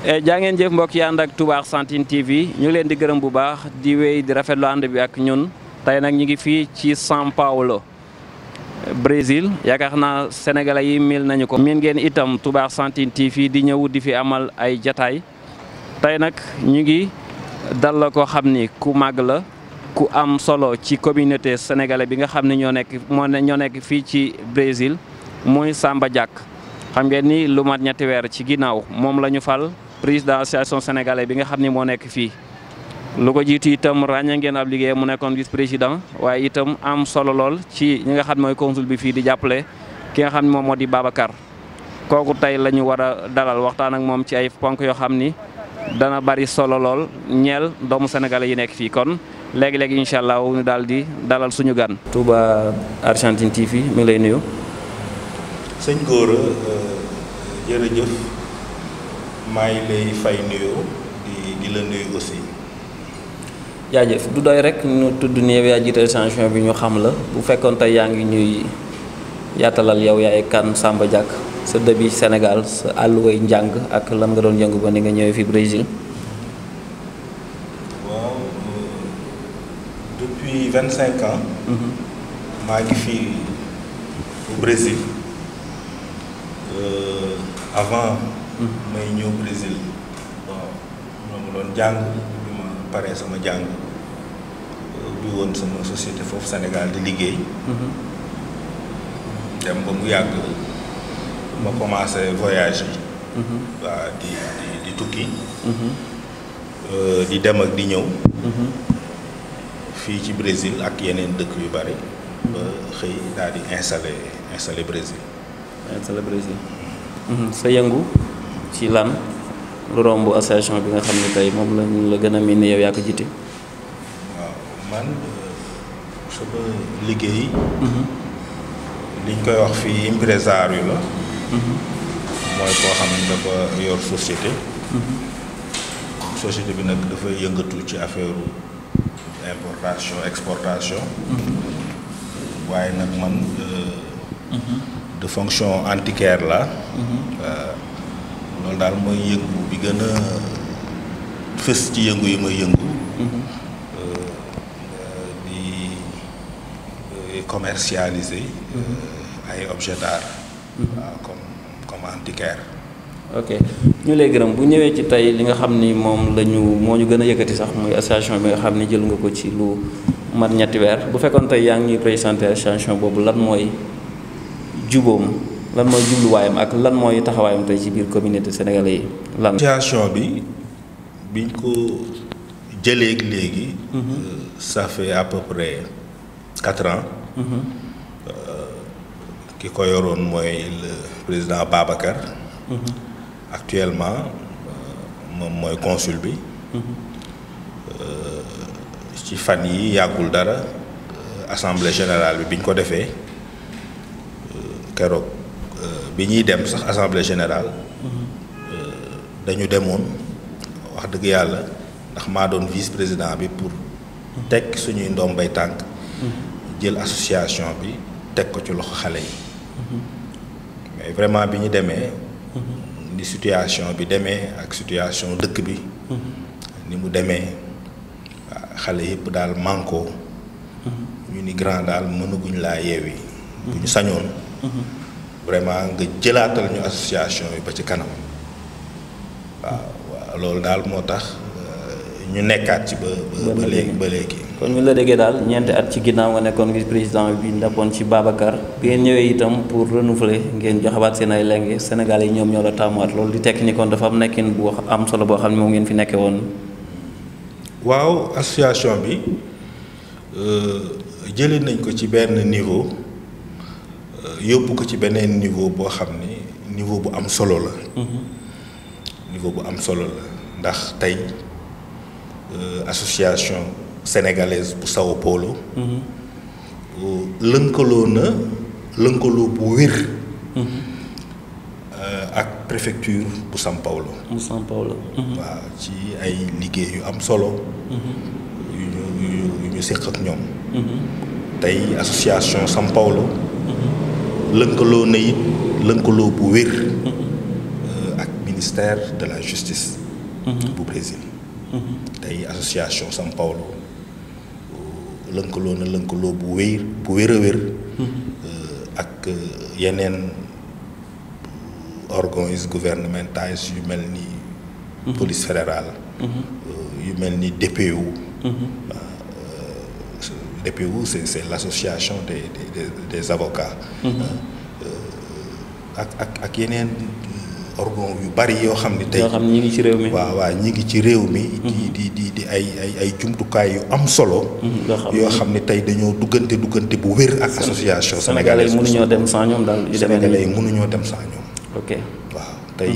Eh, jaa ngeen jëf mbokk yi ànd ak Touba Argentine TV ñu ngi leen di gërëm bu baax di wéy di rafetlu ànd bi ak ñun tey nag ñu ngi fii ci São Paulo Brésil yaakaar naa sénégalais yi mil nañu ko. miin ngeen itam Touba Argentine TV di ñëw di fi amal ay jataay tey nag ñu ngi dal la ko xam ni ku màgg la ku am solo ci communauté sénégalais bi nga xam ne ñoo nekk moo ne nekk fii ci Brésil muy Samba jàkk xam ngeen ni lu mat ñetti weer ci ginnaaw moom la fal. président association sénégalais bi nga xam ni moo nekk fii lu ko jiitu itam ràññee ngeen ab liggéey mu nekkoon vice président waaye itam am solo lool ci ñi nga xam mooy consul bi fii di jàppale ki nga xam ne moom moo di Babacar kooku tey la ñu war a dalal waxtaan ak moom ci ay ponk yoo xam ni dana bari solo lool ñeel doomu sénégalais yi nekk fii kon léegi-léegi incha allah ñu daal di dalal suñu gan. Touba Argentine TV mi ngi lay nuyu. sëñ Gora euh, jërëjëf. maa ngi lay fay nuyoo di la nuyu aussi. jaajëf du doy rek nu tudd ni yow yaa jiital changement bi ñu xam la bu fekkoon tey yaa ngi ñuy yaatalal yow yaay kan Samba jàkk sa début senegal sa àlluway njàng ak lan nga doon yëngu ba ni nga ñëwee fi Brésil. waaw euh, depuis vingt cinq ans. Mhm. maa ngi fi au Brésil euh, may ñëw Brésil bon moom doon jàng bi ma paree sama jàng bi woon sama société foofu Sénégal di liggéey mhm. dem ba mu yàgg ma commencé voyage yi mhm. waaw di di di tukki mhm. euh, di dem ak di ñëw fii ci Brésil ak yeneen dëkk yu bari ba xëy daal di installé installé Brésil installé Brésil mm. sa yëngu ci lan lu romb association bi nga xam ne tey moom lañ la gën a miin yow yaa jiite. waaw man euh, sama liggéey. Mhm. liñ koy wax fii impresario la. Mhm. mooy koo xam ne dafa yor société. Mhm. société bi nag dafa yëngatu ci affaire importation exportation. waaye nag man. Euh, de fonction antiquaire la. Euh, loolu daal mooy yëngu bi gën a fës ci yëngu yi may yëngu mm-hmm. euh, euh, di euh, commercialiser mm-hmm. ay objet d'art mm-hmm. waaw comme comme ok ñu lay gërëm bu ñëwee ci tey li nga xam ni moom la moo ñu gën a yëkkati sax muy association bi nga xam ni jël nga ko ci lu mat ñetti weer bu fekkoon tey yaa ngi ñuy présenté boobu lan mooy jubóom lan mooy jubluwaayam ak lan mooy taxawaayam tey ci biir communauté sénégalais yi lan. situation bi biñ ko jëlee léegi. Mhm. Euh, ça fait à peu près quatre ans. Mhm. Euh, ki ko yoroon mooy le président Babacar. Mhm. actuellement euh, moom mooy consul bi. ci fan yi yàggul dara assemblée général bi biñ ko defee keroog. bi ñuy dem sax assemblée général euh, dañu demoon wax dëgg yàlla ndax maa doon vice président bi pour teg suñuy ndombay tànk jël association bi teg ko ci loxo xale yi mais vraiment bi ñu demee ni situation bi demee ak situation dëkk bi ni mu demee xale yëpp daal mànkoo ñu ni grand daal mënaguñ laa yeewi bu ñu sañoon vraiment nga jëlaatal ñu association bi ba ci kanam waaw loolu daal moo tax euh, ñu nekkaat ci ba ba léegi ba léegi. kon ñu la déggee daal ñeenti at ci ginnaaw nga nekkoon vice président bi ndappoon ci Babacar bi ngeen ñëwee itam pour renouveler ngeen joxawaat seen ay lenge Sénégal yi ñoom ñoo la taamuwaat loolu di tekki ni dafa am nekkin bu am solo boo xam ne moom ngeen fi nekkee woon. waaw association bi euh, jëlee nañ ko ci benn niveau. yóbbu ko ci beneen niveau boo xam ne niveau bu am solo la. Mhm. niveau bu am solo la ndax tey euh, association sénégalaise bu São Paulo. Mhm. lënkaloo na lënkaloo bu wér. Mhm. Euh, ak préfecture bu São Paulo. waaw ci ay liggéey yu am solo. yu ñu yu ñu seq ak ñoom. tey association São Paulo. lënkaloo na it lënkaloo bu wér euh, ak ministère de la justice mhm. bu Brésil mhm. tey association São euh, lënkaloo na lënkaloo bu wér mhm. euh, ak yeneen organes gouvernementaux yu mel ni police fédérale yu mel ni DPO DPO, c'est l'association des, des, des, avocats. Mm-hmm. Euh, ak ak yeneen euh, organ yu bari yoo xam ne tey. xam ne ngi ci réew mi waaw waaw ñi ngi ci réew mi. Mm-hmm. di di di ay ay ay jumtukaay yu am solo. Mm-hmm. yoo xam ne tey dañoo duggante duggante bu wér ak. association sénégalais yi mënuñoo dem sans ñoom daal. yu demee sénégalais yi mënuñoo dem sans ñoom. ok waaw tey.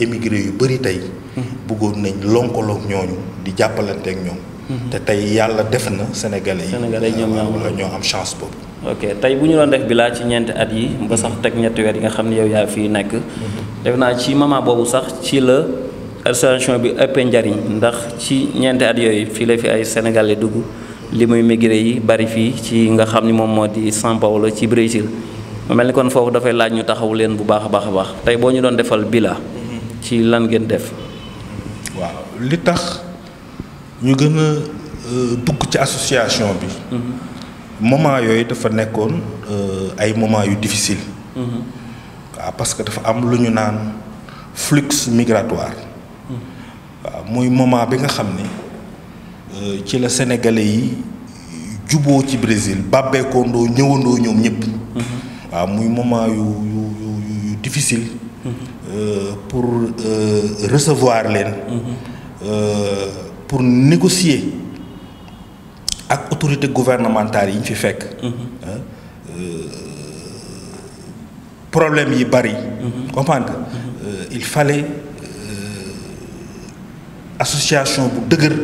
émigré yu bëri tey. Mm-hmm. bëggoon nañ lonkaloog ñooñu di jàppalanteeg ñoom. Mm-hmm. te tey yàlla def na sénégalais yi. sénégalais ñoom ñoo am chance boobu. ok tey bu ñu doon def bilaa ci ñeenti at yi mm-hmm. ba sax teg ñetti weer yi nga xam ne yow yaa fii nekk. def naa ci moment boobu sax ci la association bi ëppee njariñ ndax ci ñeenti at yooyu fii la fi ay sénégalais dugg li muy migré yi bari fii ci nga xam ni moom moo di São Paulo ci Brésil. mel ni kon foofu dafay laaj ñu taxawu leen bu baax a baax a baax tey boo ñu doon defal bilaa. ci lan ngeen def. waaw li tax ñu gën a euh, dugg ci association bi. Mm-hmm. moment yooyu dafa nekkoon euh, ay moment yu difficile. Mm-hmm. waaw parce que dafa am lu ñu naan flux migratoire. Mm-hmm. waaw muy moment bi nga xam ni euh, ci la sénégalais yi juboo ci Brésil bàbbeekondoo ñëwandoo ñoom ñëpp. waaw muy moment yu yu yu yu difficile. Euh, pour euh, recevoir leen. Mm-hmm. Euh, pour négocier ak autorité gouvernementale yi ñu fi fekk. Mm-hmm. problème yi bari. Mm-hmm. comprendre que il fallait association bu dëgër.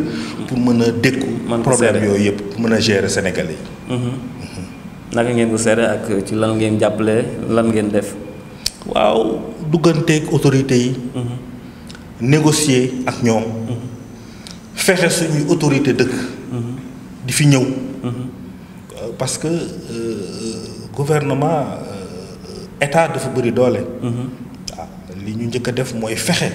pour mën a dékku. problème yooyu yëpp mën a gérer sénégal yi. naka ngeen ko seere ak ci lan ngeen jàppale lan ngeen def. waaw. dugganteeg autorité yi. Mhm. négocier ak ñoom. Mhm. fexe suñuy autorité dëkk. Mhm. di fi ñëw. Euh, parce que euh, gouvernement euh, état dafa bëri doole. Ah, li ñu njëkk a def mooy fexe.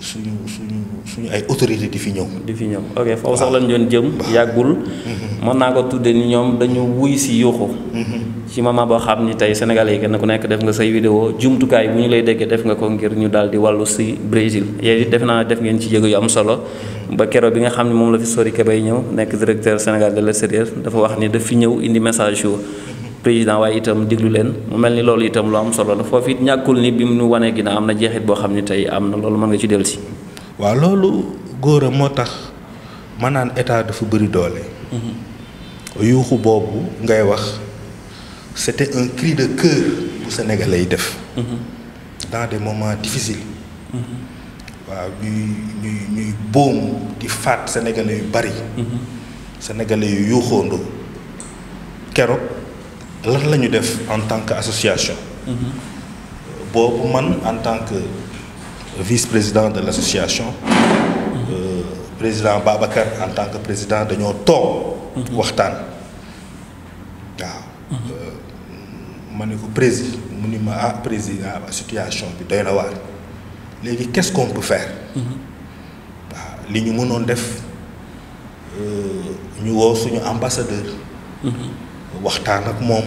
suñu suñu suñu ay autorité di fi ñëw. di fi ñëw ok foofu sax lañ doon jëm. yàggul. Mm-hmm. mën naa ko tuddee ni ñoom dañu wuy si yuuxu. Mm-hmm. ci moment boo xam ni tey sénégalais yi kenn ku nekk def nga say vidéo jumtukaay bu ñu lay déggee def nga ko ngir ñu daal wàllu si Brésil. yéen it def naa def ngeen ci jéego yu am solo. Mm-hmm. ba keroog bi nga xam ne moom la fi Sori Kébé ñëw nekk directeur Sénégal de l'extérieur dafa wax ni daf fi ñëw indi message yu. président waaye itam déglu leen mu mel ni loolu itam lu am solo la foofu it ñàkkul ni bi mu wanee ginnaaw am na jeexit boo xam ne tey am na loolu mën ci dellu si waa loolu góor a moo tax manaan naan état dafa bëri doole. Mm-hmm. yuuxu boobu ngay wax c'était un cri de cœur bu sénégalais yi def. Mm-hmm. dans des moments difficiles. Mm-hmm. waaw ñuy ñuy ñuy boom di faat sénégalais yu bari. sénégalais yu yuuxoondoo keroog lan lañu def en tant que association. boobu man en tant que. vice-président de l'association euh, président Babacar en tant que président dañoo toog waxtaan waaw euh, ma ne ko président mu ni ma ah président ah, situation bi doy na waar léegi qu'est-ce qu'on waaw li ñu mënoon def euh, ñu woo suñu ambassadeur mm-hmm. waxtaan ak moom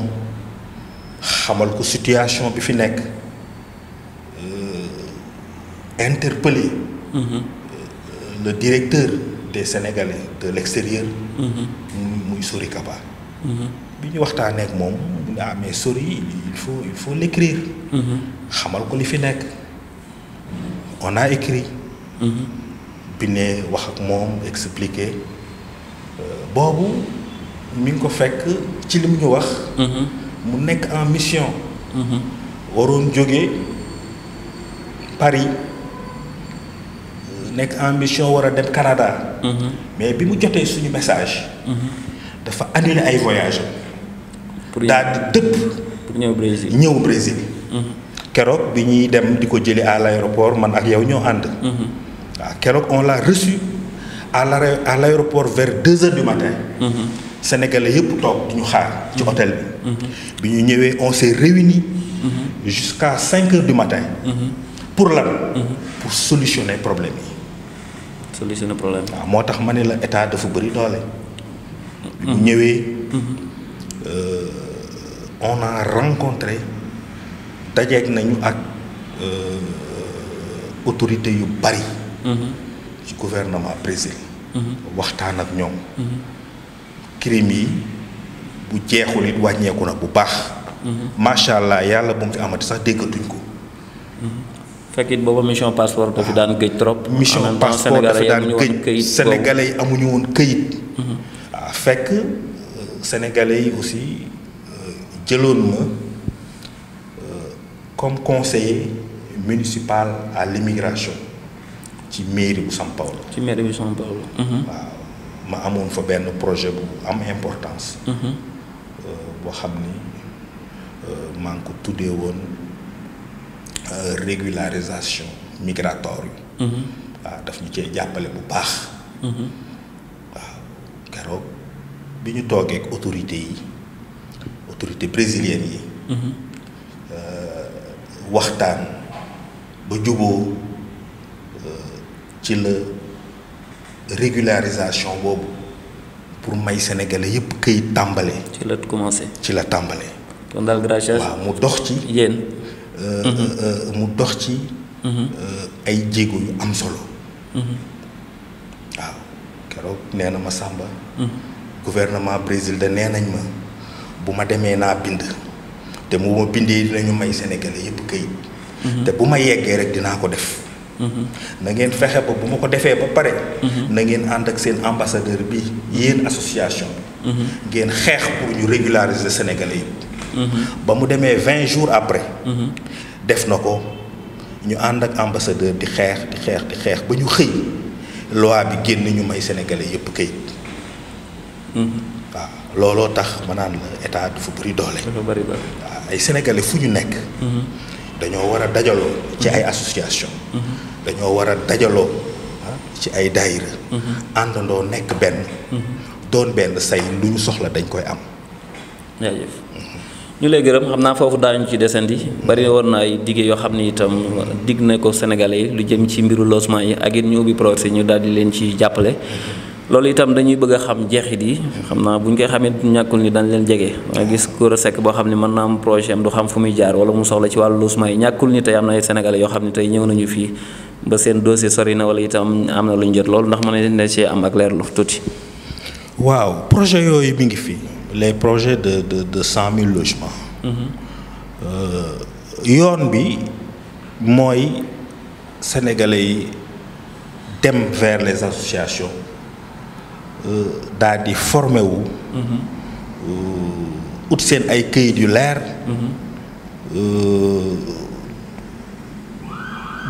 xamal ko situation bi fi nekk interpeller mm-hmm. euh, le directeur des Sénégalais de l'extérieur mm-hmm. muy Sori Kaba mm-hmm. bi ñu waxtaanee ak moom ah mais Sori il faut il faut l'écrire xamal ko li fi nekk on a écrit bi ne wax ak moom expliquer euh, boobu mu ngi ko fekk ci li mu ñu wax mu nekk en mission waroon jóge Paris nekk en mission war a dem Canada. Mhm. mais bi mu jotee suñu message. Mhm. dafa annulé ay voyage pour daal di dëpp. pour Brésil mhm. keroog bi ñuy dem di ko jëli à l' man ak yow ñoo ànd. waaw keroog on l'a reçu à l' à l' aéroport vers deux du matin. sénégalais yëpp toog di xaar. ci hôtel bi. bi ñu ñëwee on s'est réunis. jusqu'à cinq heures du matin. pour lan. pour solutionner problème yi. solutionné problème waaw moo tax ma ne la état dafa bëri doole. bu ñëwee. Euh, on a rencontré dajeeg nañu ak euh, autorité yu bari. Mm-hmm. ci gouvernement Brésil. Mm-hmm. waxtaan ak ñoom. Mm-hmm. crime yi bu jeexul it wàññeeku na bu baax. macha allah yàlla bu mu fi amati sax déggatuñ ko. fekkit booba mission passeport dafi daan gëj trop. mission passeport dafa daan gëj sénégalais yi amuñu woon këyit. waaw mhm. ah, fekk euh, sénégalais yi aussi euh, jëloon ma euh, comme conseiller municipal à l'immigration ci mairie bu São Paulo. ci mairie bu São Paulo. Mhm. waaw ma amoon fa benn projet bu am importance. Mhm. boo xam ni maa ngi ko tuddee woon. Euh, régularisation migratoire yi. Mhm. waaw daf ñu cee jàppale bu baax. Mhm. waaw keroog bi ñu toogee ak yi autorité brésiliennes yi. Mhm. Euh, waxtaan ba juboo euh, ci la régularisation boobu pour may sénégalais yépp këy tàmbale. ci la commencé ci la tàmbale. kon waaw mu dox ci yéen. mu dox ci. Euh, ay jéego yu am solo. waaw keroog nee na ma Samba. gouvernement Brésil de nee nañ ma bu ma demee naa bind. te mu ma bindee dinañu may Sénégalais yëpp këyit. te bu ma yeggee rek dinaa ko def. na ngeen fexe ba bu ma ko defee ba pare. na ngeen ànd ak seen ambassadeur bi yéen association bi. ngeen xeex pour ñu régulariser Sénégalais yi. Mm-hmm. ba mu demee vingt jours après. Mm-hmm. def na ko ñu ànd ak ambassadeur di xeex di xeex di xeex ba ñu xëy loi bi génn ñu may sénégalais yëpp kayit. Mm-hmm. waaw looloo tax ma naan la état dafa bëri doole. bëri doole waaw ay sénégalais fu ñu nekk. dañoo war dajaloo ci ay association dañoo war a dajaloo ci ay ah, daayira àndandoo nekk benn doon benn say lu ñu soxla dañ koy am ñu lay gërëm xam naa foofu daañu ci desandi bari woon na ay digge yoo xam ni itam digg na ko Sénégalais yi lu jëm ci mbiru logement yi ak it ñu ubbi projet ñu daal di leen ci jàppale. loolu itam dañuy bëgg a xam jeexit yi xam naa bu ñu koy xamee ñàkkul ni dañ leen jege waaye gis Gora Seck boo xam ne mën naa am projet am xam fu muy jaar wala mu soxla ci wàllu logement yi ñàkkul ni tey am na ay sénégalais yoo xam ne tey ñëw nañu fii ba seen dossier sori na wala itam am na lu jot loolu ndax mën nañ leen cee am ak leerlu tuuti. waaw les projets de de de cent mille logements. Euh, yoon bi mooy sénégalais yi dem vers les associations euh, daal di formé wu. Euh, ut seen ay këyit yu leer.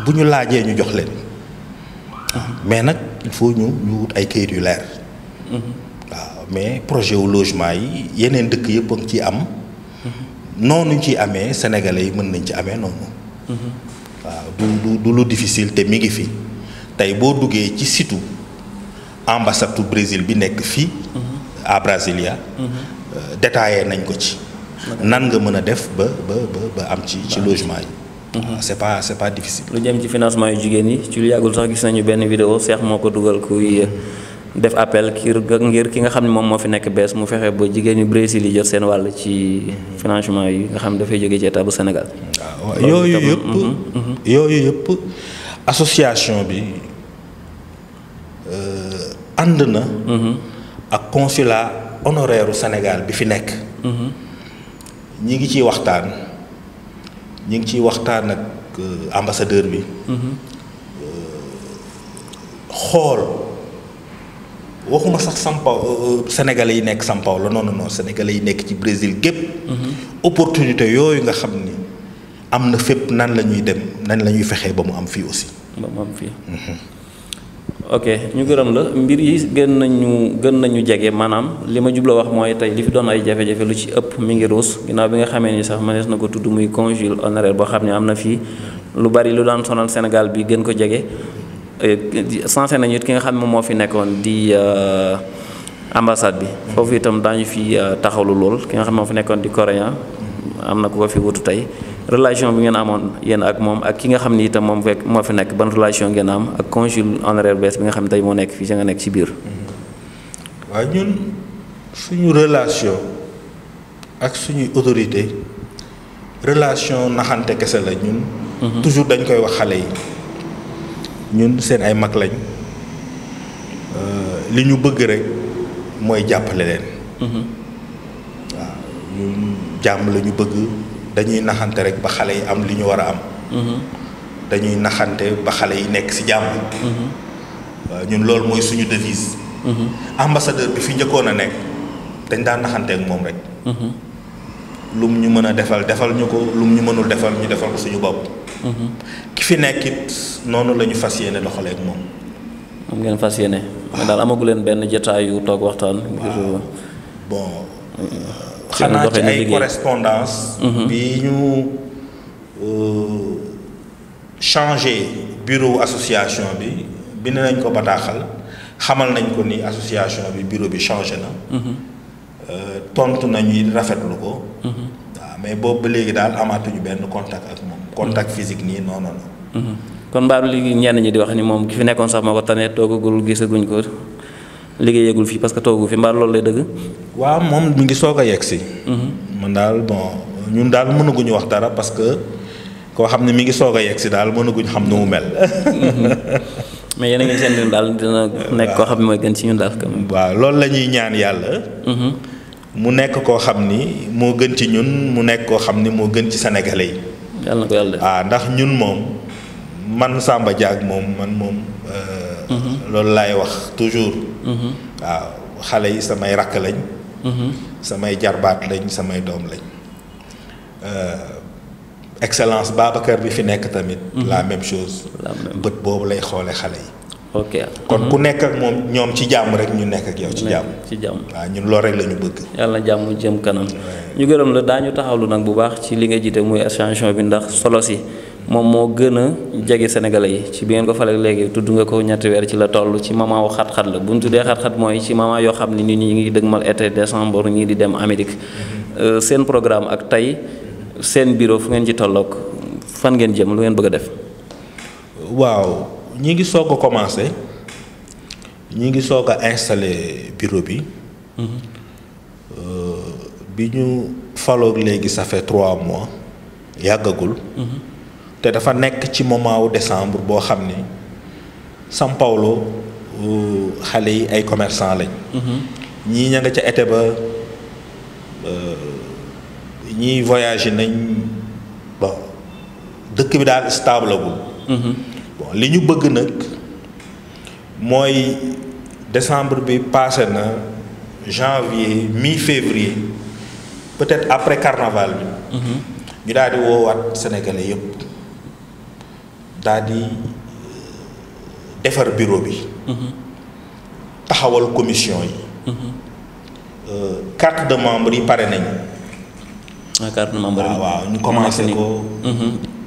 bu ñu laajee ñu jox leen. Uh-huh. mais nag il faut ñu ñu wut ay këyit yu leer. Uh-huh. mais projet wu logement yi yeneen dëkk yëpp a ciy am. noonu ñu ciy amee sénégalais yi mën nañ ci amee noonu. waaw du du du lu difficile te mi ngi fi tey boo duggee ci situ ambassade du Brésil bi nekk fii. à Brasilia. Euh, détaillé nañ ko ci. nan nga mën a def ba ba ba am ci ci logement yi. Mhm. Ah, c'est pas c'est pas difficile. lu jëm ci financement yu jigéen yi ci lu yàggul sax gis nañu benn vidéo seex moo ko dugal kuy. def appel ngir ngir ki nga xam ne moom moo fi nekk bees mu fexe ba jigéen ñu Brésil yi jot seen wàll ci financement yi nga xam ne dafay jógee ci bu senegal waaw yooyu yëpp mm-hmm, mm-hmm. yooyu yëpp association bi euh, ànd na. Mm-hmm. ak consulat honoraire senegal bi fi nekk. ñi ngi ciy waxtaan ñi ngi ciy waxtaan ak euh, ambassadeur bi. Euh, xool. waxuma sax São Paulo euh, euh, yi nekk São la noonu non non sénégalais yi nekk ci Brésil gépp mhm. opportunité yooyu nga xam ni am na fépp nan la ñuy dem nan la ñuy fexee ba mu am fii aussi. ba fii. Mhm. ok ñu gërëm la mbir yi gën nañu gën nañu jege maanaam li ma jubla wax mooy tey li fi doon ay jafe-jafe lu ci ëpp mi ngi ruus ginnaaw bi nga xamee ni sax mënees na ko tudd muy consul honoraire boo xam ne am na fii lu bari lu daan sonal Sénégal bi gën ko jege. sensé euh, nañu it ki nga xam ne moom moo fi nekkoon di euh, ambassade bi foofu itam daañu fi euh, taxawlu lool ki nga xam ne moo fi nekkoon di coréen am na ku ko fi wutu tey relation bi ngeen amoon yéen ak moom ak ki nga xam ni itam moom fekk moo fi nekk ban relation ngeen am ak consul honoraire bees bi nga xam ne tey moo nekk fii sa nga nekk ci biir. waaw ñun suñu relation ak suñuy autorité relation naxante kese la ñun. Mhm. toujours dañ koy wax xale yi. ñun seen ay mag lañ euh, li ñu bëgg rek mooy jàppale leen. Mm-hmm. waaw ñun jàmm la ñu bëgg dañuy naxante rek ba xale yi am li ñu war a am. Mm-hmm. dañuy naxante ba xale yi nekk ci jàmm. Mm-hmm. waaw ñun loolu mooy suñu devise. ambassadeur bi fi njëkkoon a nekk dañ daan naxanteek moom rek. lum ñu mën a defal defal ñu ko lum ñu mënul defal ñu defal ko suñu bopp. Mhm. ki fi nekk it noonu lañu fas yéene loxo ak moom. am ngeen fas yéene. mais daal amagu leen benn jotaay yu toog waxtaan. Euh, bon. xanaa ci ay correspondance mhm. bi ñu euh, changé bureau association bi bind nañ ko bataaxal xamal nañ ko ni association bi bureau bi changé na. Mhm. tontu nañuy rafetlu ko. Mhm. waaw mais boobu ba léegi daal amaatuñu benn contact ak moom. contact mhm. physique nii non non mhm. kon mbaalu li ñenn ñu di wax ni moom ki fi nekkoon sax moo ko tane toogagul gisaguñ ko liggéeyagul fii parce que toogu fi mbaalu loolu lay dëgg. waaw moom mi ngi soog a yegg si. man daal bon ñun daal mënaguñu wax dara parce que koo xam ne mi ngi soog a yegg si daal mënaguñ xam nu mu mel. mais yéen a ngi seen daal dina nekk koo xam ne mooy gën ci ñun daal. waa loolu la ñuy ñaan yàlla. mu nekk koo xam ni moo gën ci ñun mu nekk koo xam ni moo gën ci sénégalais yi. yàlla ah, ndax ñun moom man Samba Diak moom man moom. Euh, mhm. loolu laay wax toujours. waaw mhm. ah, xale yi samay rakk lañ. Mhm. samay jarbaat lañ samay doom lañ. Euh, excellence Babacar bi fi nekk tamit. la même chose. bët boobu lay xoole xale yi. ok kon ku mhm. nekk ak moom ñoom ci jàmm rek ñu nekk ak yow. ci jàmm ci jàmm. waaw ñun loolu rek la ñu bëgg. yàlla na jàmm jëm kanam. ñu gërëm la daañu taxawlu nag bu baax ci li nga jiite muy association bi ndax solo si moom moo gën a jege sénégalais yi ci bi ngeen ko falee léegi tudd nga ko ñetti weer ci la toll ci maman wu xat-xat la bu ñu tuddee xat-xat mooy ci maman yoo xam ne nit ñi ngi dëgmal été décembre ñii di dem Amérique mhm. euh, seen programme ak tey seen bureau fu ngeen ci tollook fan ngeen jëm lu ngeen bëgg a def. waaw. ñi ngi soog a commencé ñi ngi soog a installé bureau bi. Mm-hmm. Euh, bi ñu faloog léegi ça fait trois mois yàggagul. Mm-hmm. te dafa nekk ci moment wu décembre boo xam ne São Paulo euh, xale yi ay commerçant lañ. Mm-hmm. ñii ña ca été ba euh, ñii voyage nañ bon dëkk bi daal stable agul. li ñu bëgg nag mooy décembre bi passé na janvier mi février peut-être après carnaval bi. Mhm. ñu daal di woowaat sénégalais yëpp euh, defar bureau bi. Mhm. taxawal commission yi. quatre mhm. euh, de membre yi pare nañu. ah waaw ñu commencé ko.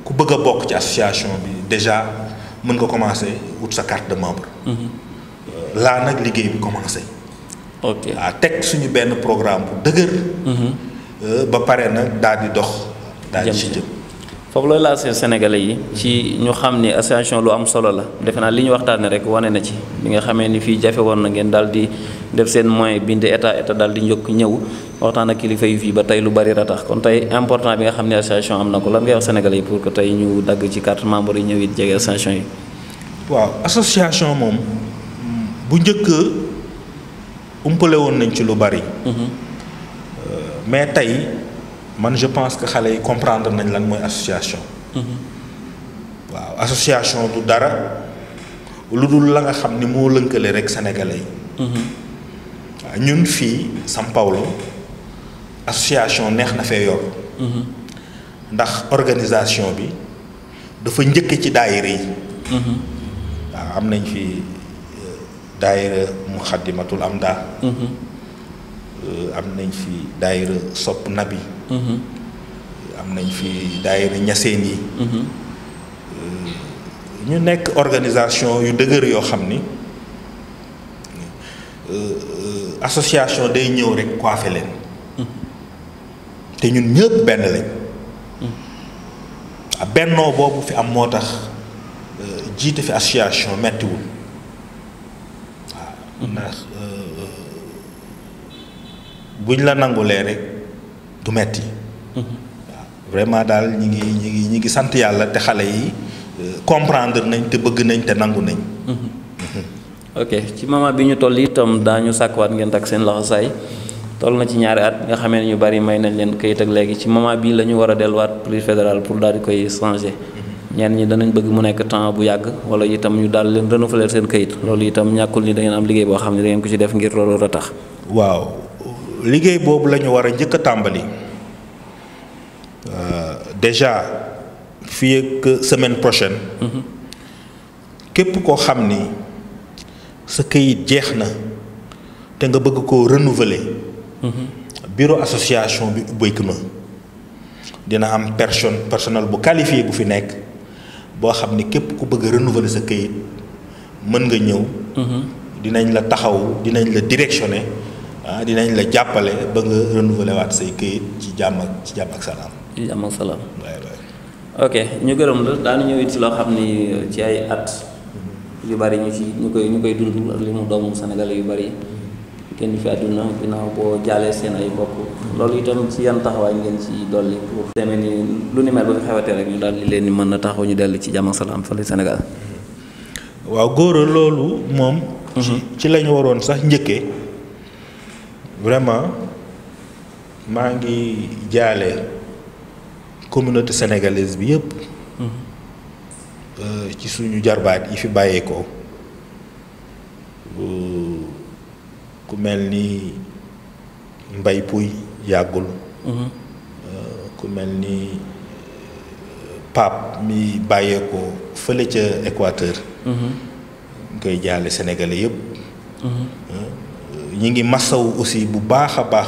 ku bëgg a bokk ci association bi déjà. mën nga commencé wut sa carte de membre. Mhm. Euh, laa nag liggéey bi commencé. ok waaw teg suñu benn programme bu dëgër. Mhm. Euh, ba pare nag daal dox. daal si jëm. foofu loolu lancé sénégalais yi ci ñu xam ni association lu am solo la defe naa li ñu waxtaanee rek wane na ci bi nga xamee ni fii jafe woon na ngeen daal di def seen moyen bind état état daal di njëkk ñëw waxtaan ak kilifa yu fii ba tey lu bari ra tax tey important bi nga xam ne association am na ko lan ngay wax sénégalais yi pour que tey ñu dagg ci carte membre yi ñëw it jege association yi. waaw association moom bu njëkk umpale woon nañ ci lu bari. Mm-hmm. Euh, mais tey. man je pense que xale yi comprendre nañ lan mooy association. Mm-hmm. waaw association du dara lu dul la nga xam ni moo lënkale rek sénégalais yi. Mm-hmm. waaw ñun fii sampawlo association neex na fee yor. Mm-hmm. ndax organisation bi dafa njëkk ci daayira yi. waaw am nañ fi euh, daayira am Amda. Euh, am nañ fi daayira Sopp Nabi. Mm-hmm. am nañ fi daayira ñaseen yi mm-hmm. ñu nekk organisation yu dëgër yoo xam ni euh, association day ñëw rek coiffé leen mm-hmm. te ñun ñëpp benn lañ ah, bennoo boobu fi am moo tax euh, jiite fi association mettiwul waaw ah, ndax euh, buñ la nangulee rek du metti vraiment daal ñi ngi ñi ngi ñi sant yàlla te xale yi euh, comprendre nañ te bëgg nañ te nangu nañ mhm. ok ci moment bi ñu toll itam daañu sàkkuwaat ngeen ak seen laxasaay toll na ci ñaari at nga xamee ne ñu bari may nañ leen kayit ak léegi ci moment bi la ñu war a delluwaat police fédérale pour daal di koy changer ñenn ñi danañ bëgg mu nekk temps bu yàgg wala itam ñu daal leen renouveler seen kayit loolu itam ñàkkul ni da ngeen am liggéey boo xam ne da ngeen ko ci def ngir loolu ratax liggéey boobu la ñu war a njëkk a tàmbali euh, déjà fi ak semaine prochaine. Mm-hmm. képp koo xam ni sa këyit jeex na te nga bëgg ko renouveler. Mm-hmm. bureau association bi ubbeeku ma dina am personne personnel bu qualifié bu fi nekk boo xam ni képp ku bëgg renouveler sa këyit mën nga ñëw. Mm-hmm. dinañ la taxaw dinañ la directionner. ah dinañ la jàppale ba nga renouveler waat say këyit ci jàmm ak ci jàmm ak salaam. ci jàmm ok ñu gërëm la daanu ñëw it si loo xam ni euh, ci ay at yu bari ñu ci ñu koy koy dund li mu doomu Sénégal yu bari kenn fi àdduna ginnaaw boo jaalee seen ay mbokk loolu itam ci yan taxawaay ngeen ci dolli pour demee lu ni mel ba fi xewatee rek ñu daal di leen mën na taxaw ñu dell ci jàmm ak salaam fële Sénégal. waaw góor loolu moom. Mhm. ci ci la waroon sax njëkkee. vraiment maa ngi jaale communauté sénégalaise bi yëpp. Euh, ci suñu jarbaat yi fi bàyyeekoo ku mel ni mbay puy yàggul. Mhm. Euh, ku mel ni euh, Pape mi bàyyeekoo fële ca Équateur. koy mhm. jaale sénégalais yëpp. Mhm. ñi ngi masawu aussi bu baax a baax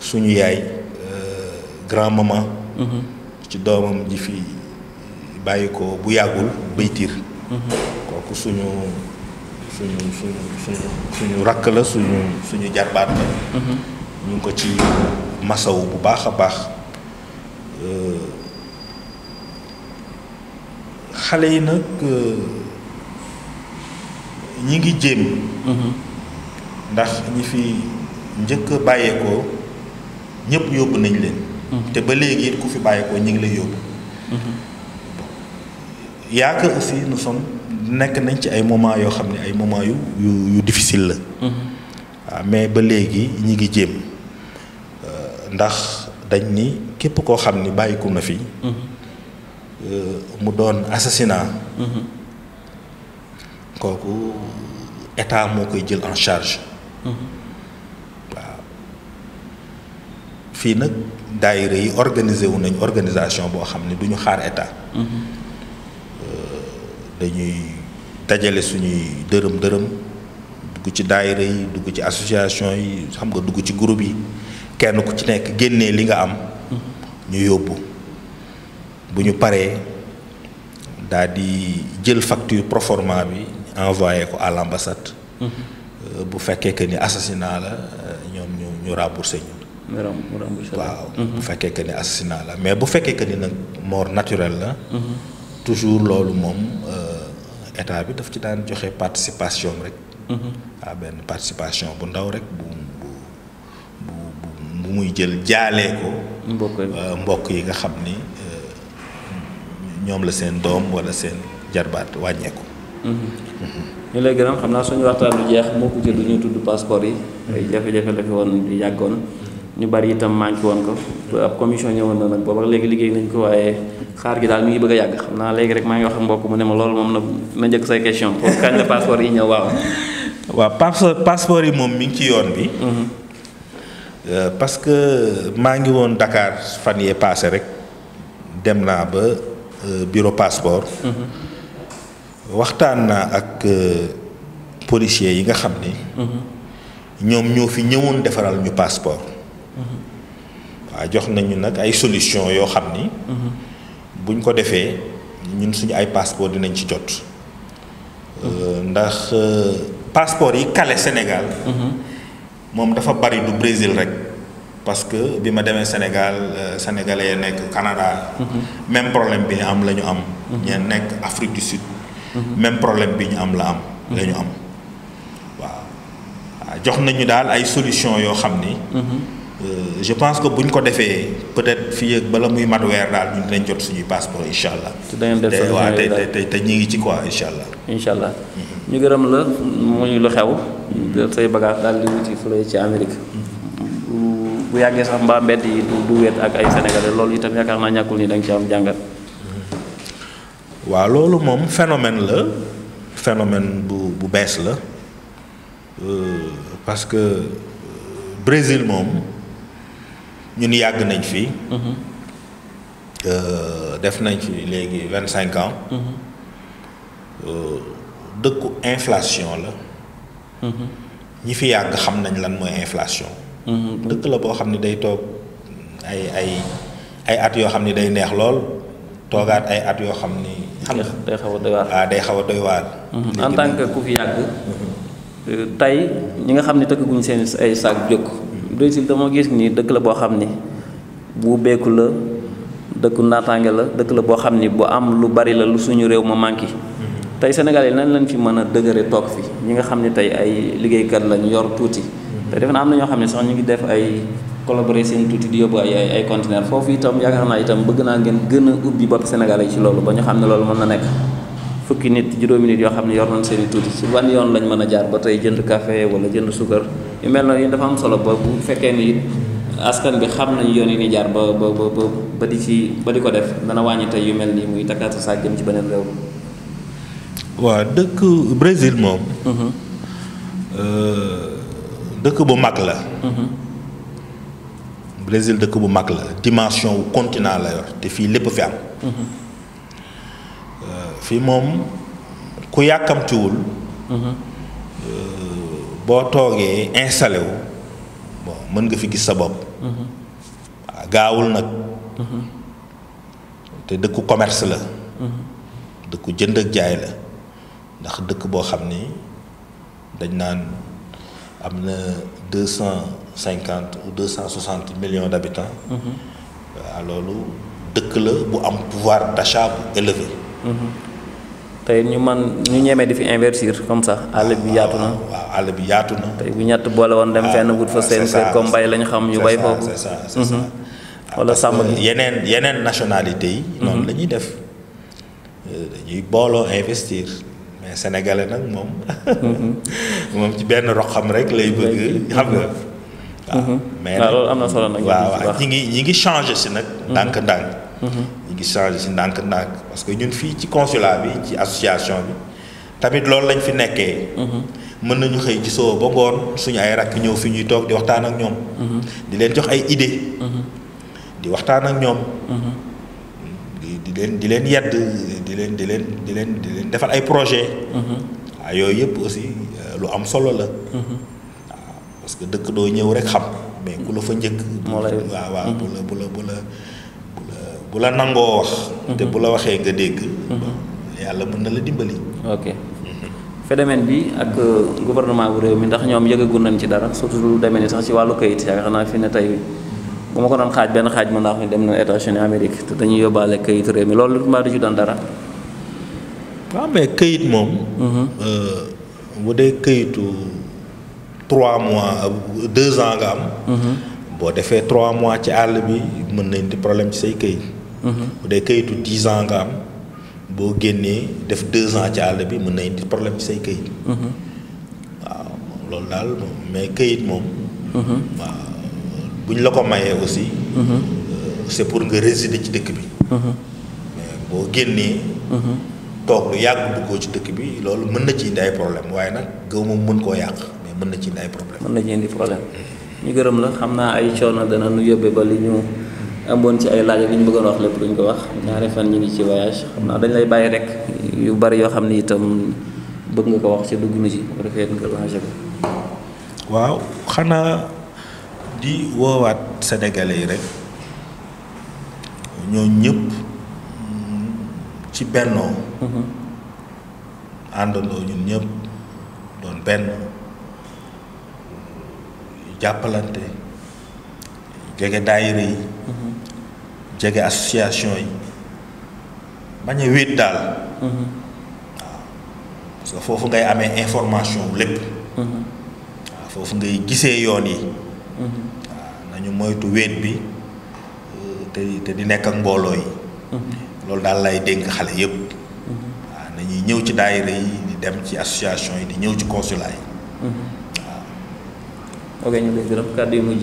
suñu yaay euh, grand maman. Mm-hmm. ci doomam ji fi bàyyi ko bu yàggul baytiir mm-hmm. kooku suñu suñu suñu suñu suñu rakk la suñu suñu jarbaat la mm-hmm. ñu ngi ko ci masawu bu baax a baax euh, xale yi nag euh, ñi ngi jéem ndax ñi fi njëkk a bàyyeekoo ñëpp yóbbu nañ leen. Mhm. te ba léegi it ku fi bàyyeekoo ñu ngi lay yóbbu. Mhm. yaakaar aussi nous sommes nekk nañ ci ay moment yoo xam ne ay moment yu yu yu difficile la. waaw mhm. ah, mais ba léegi ñi ngi jéem euh, ndax dañ ni képp koo xam ni bàyyiku na fi. Euh, mu doon assassinat. kooku état moo koy jël en charge. waaw fii nag daayira yi organiser wu nañ organisation boo xam ne du ñu xaar état. Mm-hmm. Euh, dañuy dajale suñuy dërëm dërëm dugg ci daayira yi dugg ci association yi xam nga dugg ci groupe yi kenn ku ci nekk génnee li nga am. Mm-hmm. ñu yóbbu bu ñu paree daal di jël facture proformant bi envoyé ko à l'ambassade. Mm-hmm. Euh, bu fekkee que ni assassinat la euh, ñoom ñu ñu remboursé waaw mm-hmm. bu fekkee que ni assassinat la mais bu fekkee que ni nag moor naturel la. Mm-hmm. toujours loolu moom euh, état bi daf ci daan joxe participation rek. waaw mm-hmm. ah, benn participation bu ndaw rek bu bu bu bu muy jël jaalee ko. mbokk yi nga xam ni ñoom la seen doom walla seen jarbaat wàññeeku. ñu lay gërëm xam naa suñu waxtaan lu jeex moo ko ci tudd passeport yi ay jafe-jafe la fi woon yàggoon ñu bari itam ko woon ko ab commission ñëwoon na nag booba léegi liggéey nañ ko waaye xaar gi daal mi ngi bëgg a yàgg xam naa léegi rek maa ngi wax ak mbokk mu ne ma loolu moom na na njëkk say question foofu kañ la passeport yi ñëw waaw waaw passeport yi moom mi ngi ci yoon bi mhm. euh, parce que maa ngi woon Dakar fan yee passé rek dem naa ba euh, bureau passeport. Mhm. waxtaan na ak euh, policiers yi nga xam ni. Mm-hmm. ñoom ñoo fi ñëwoon defaral ñu passeport. Mm-hmm. waa jox nañu nag ay solution yoo xam ni. Mm-hmm. buñ ko defee ñun suñu ay passeport dinañ ci jot. Euh, ndax euh, passeport yi kale Sénégal. moom dafa bari du Brésil rek. parce que bi ma demee Sénégal sénégalais nekk Canada. même problème bi am la ñu am. ñeen nekk Afrique du Sud. Mm-hmm. même problème bi ñu am la am. la ñu am waaw jox nañu daal ay solution yoo xam ni. Mm-hmm. Euh, je pense que bu ñu ko defee peut-être fii bala muy mat weer daal ñun dinañ jot suñuy passeport incha allah. te dangeen def te te ñu ngi ci quoi incha allah. allah mm-hmm. ñu gërëm la muy lu xew. jël say bagage daal di wuti fële ci Amérique. bu yàggee sax mbaa mbedd yi du du wéet ak ay sénégalais loolu itam yaakaar naa ñàkkul ni da ci am jàngat. waaw loolu moom phénomène la phénomène bu bu bees la euh, parce que euh, Brésil moom ñun yàgg nañ fi. Mhm. Euh, def nañ fi léegi vingt cinq ans. Mhm. dëkku inflation la. Mhm. ñi fi yàgg xam nañ lan mooy inflation. dëkk la boo xam ne day toog ay ay ay at yoo xam ne day neex lool. toogaat ay at yoo xam ni. xam day xaw a doy waar. waaw ah, xaw a doy mhm. en tant que ku fi yàgg. Mhm. Euh, tey ñi nga xam ne tëkkaguñ seen ay saag jóg. Mhm. Brésil dama gis nii dëkk la boo xam ni bu beeku la dëkku nataange la dëkk la boo xam ni bu am lu bari la suñu réew ma manqué. tey Sénégal yi nan lañ fi mën a dëgëre toog fi ñi nga xam ni tey ay liggéeykat lañ yor tuuti. te defe naa am na ñoo xam ne sax ñu ngi def ay. collaborer seen tuuti di yóbbu ay ay ay conteneur foofu tam yaakaar naa itam bëgg naa ngeen gën a ubbi bopp sénégalais ci loolu ba ñu xam ne loolu mën na nekk fukki nit juróomi nit yoo xam ne yor nañ seen i tuuti ci ban yoon lañ mën a jaar ba tey jënd café wala jënd suukar yu mel noonu dafa am solo ba bu fekkee ni askan bi xam nañ yoon yi ni jaar ba ba ba ba di ci ba di ko def dana wàññi tey yu mel nii muy takkaatu saak jëm ci beneen réew. waaw dëkk Brésil moom. Mm-hmm. Euh, dëkk bu mag la. Mm-hmm. Brésil dëkk bu mag la dimension wu continent la te fii lépp fi am. Mm-hmm. Euh, fii moom ku yàkkamtiwul. Mm-hmm. Euh, boo toogee installé wu mën nga fi gis sa bopp. waaw mm-hmm. ah, gaawul nag. te dëkku commerce la. dëkku jënd ak jaay la ndax dëkk boo xam ni dañ naan am na deux cinquante ou deux cent soixante millions d' habitants. waaw mm-hmm. euh, loolu dëkk la bu am pouvoir d' achat bu élevé. Mm-hmm. tey ñu man ñu ñeme di fi investir comme ça àll bi yaatu na. waaw àll bi yaatu na. tey bu ñett boole woon dem ah, fenn wut fa seen seen comme mbay la xam ñu bay foofu. c'est ça c'est mm-hmm. wala sàmm gi yeneen yeneen nationalité yi. noonu la ñuy def euh, dañuy booloo investir. mais sénégalais nag moom. moom ci benn roxam rek lay bëgg xam nga. mais ah, nag loolu am na solo nag. waaw waaw ñi ngi ñi ngi changé si nag. Mhm. ndànk-ndànk. Mhm. ñi ngi si ndànk-ndànk parce que ñun fii ci consulat bi ci association bi tamit loolu lañ fi nekkee. Mhm. mën nañu xëy gisoo ba ngoon suñu ay rakk ñëw fi ñuy toog di waxtaan ak ñoom. di leen jox ay idée di waxtaan ak ñoom. di di leen yedd di leen di leen di leen di leen defal ay projet waaw yooyu yëpp aussi euh, lu am solo la. parce que dëkk doo ñëw rek xam mais ku la fa njëkk. moo waaw waaw mm-hmm. bu la bu la bu la bu la nangoo wax. Mm-hmm. te bu la waxee nga dégg. Mm-hmm. yàlla mën na la dimbali. ok phénomène bi ak euh, gouvernement bu réew mi ndax ñoom yëgagu nañ ci dara surtout lu demee ni sax ci wàllu kayit yaakaar naa fi ne tey bu ma ko doon xaaj benn xaaj ma naa wax dem na États-Unis Amérique te dañuy yóbbaale kayitu réew mi loolu mbaa du ci doon dara. waaw mais kayit moom. Euh, bu dee kayitu. trois mois deux ans nga am. Mhm. boo defee trois mois ci àll bi mën na indi problème ci say këyit. Mhm. bu dee këyitu dix ans nga am boo génnee def deux ans ci àll bi mën na indi problème ci say këyit. Mhm. waaw loolu daal mais këyit moom. waaw bu ñu la ko mayee aussi. Euh, c'est pour nga résider ci dëkk bi. mais boo génnee. toog yàgg bëggoo ci dëkk bi loolu mën na ci indi ay problème waaye nag gëw mën koo yàq. mën na ci indi ay problème mën na ci indi problème ñu gërëm la xam naa ay coono dana nu yóbbe ba li ñu amoon ci ay laaj li ñu bëggoon wax lépp duñ ko wax ñaari fan ñu ngi ci voyage xam naa dañ lay bàyyi rek yu bari yoo xam ni itam bëgg nga ko wax ci dugg na ci bu waaw xanaa di woowaat sénégalais yi rek ñoo ñëpp ci bennoo mhm. àndandoo ñun ñëpp doon benn jàppalante jege daayira yi mm-hmm. jege association yi bañ a wéet daal mm-hmm. waaw parce foofu ngay amee information lépp mm-hmm. waaw foofu ngay gisee yoon yi waaw nañu moytu wéet bi euh, te te di nekk ak mbooloo yi loolu daal lay dénk xale yépp waaw nañuy ñëw ci daayira yi di dem ci association yi di ñëw ci consulat yi ok ñu lay gërëm kàddu yu mujj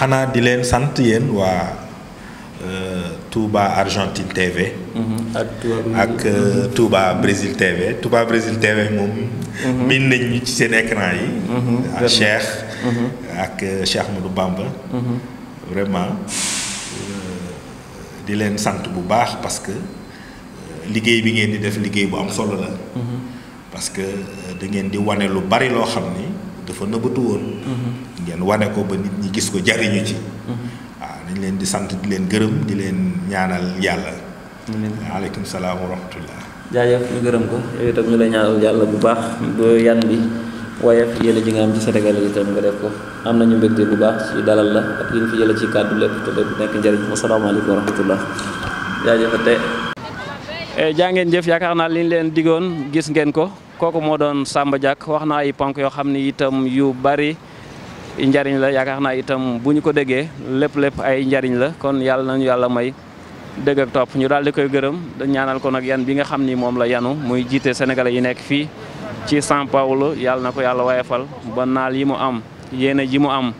xanaa di leen sant yéen waa euh, Touba Argentine TV. Mm-hmm. ak Touba Brésil TV euh, Touba Brésil TV moom. Mm-hmm. miin nañ ci seen écran yi. Mm-hmm. ak Cheikh. ak euh, Cheikh Modou Bamba. vraiment di leen sant bu baax parce que liggéey bi ngeen di def liggéey bu am solo la. parce que da ngeen di wane lu bari loo xam ni. dafa nëbbatu woon. Mm-hmm. ngeen wane ko ba nit ñi gis ko jariñu ci. Mm-hmm. waaw dañ leen di sant di leen gërëm di leen ñaanal yàlla. waaleykum salaam wa gërëm ko yow itam ñu lay bu baax yan bi waaye yële nga am ci Sénégal yi nga def ko am nañu mbégte bu baax dalal la ak yi ñu fi jëlee ci kàddu lépp nekk njëriñ wasalaamaaleykum wa rahmatullah jaajëf te. Eh, jaa jëf yaakaar naa li ñu leen digoon gis ngeen ko. kooku moo doon Samba jàkk wax na ay ponk yoo xam ni itam yu bari njariñ la yaakaar naa itam bu ñu ko déggee lépp lépp ay njariñ la kon yàlla nañu yàlla may dégg ak topp ñu daal di koy gërëm da ñaanal ko nag yan bi nga xam ni moom la yanu muy jiite sénégalais yi nekk fii ci São Paulo yàlla na ko yàlla wayefal ba naal yi mu am yéene ji mu am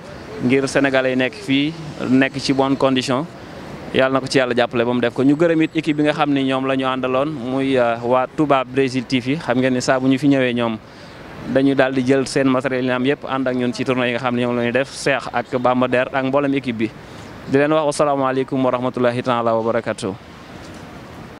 ngir sénégalais yi nekk fii nekk ci bonne condition yàlla na ko ci yàlla jàppale ba mu def ko ñu gërëm it équipe bi nga xam ni ñoom la ñu àndaloon muy euh, waa Touba Brésil TV xam ngeen ni saa bu ñu fi ñëwee ñoom dañu daal di jël seen matériel yi am yëpp ànd ak ñun ci tournoi yi nga xam ne ñoom la ñuy def Cheikh ak Bamba Der ak mboolem équipe bi di leen wax asalaamaaleykum wa rahmatulahi taala wa barakatu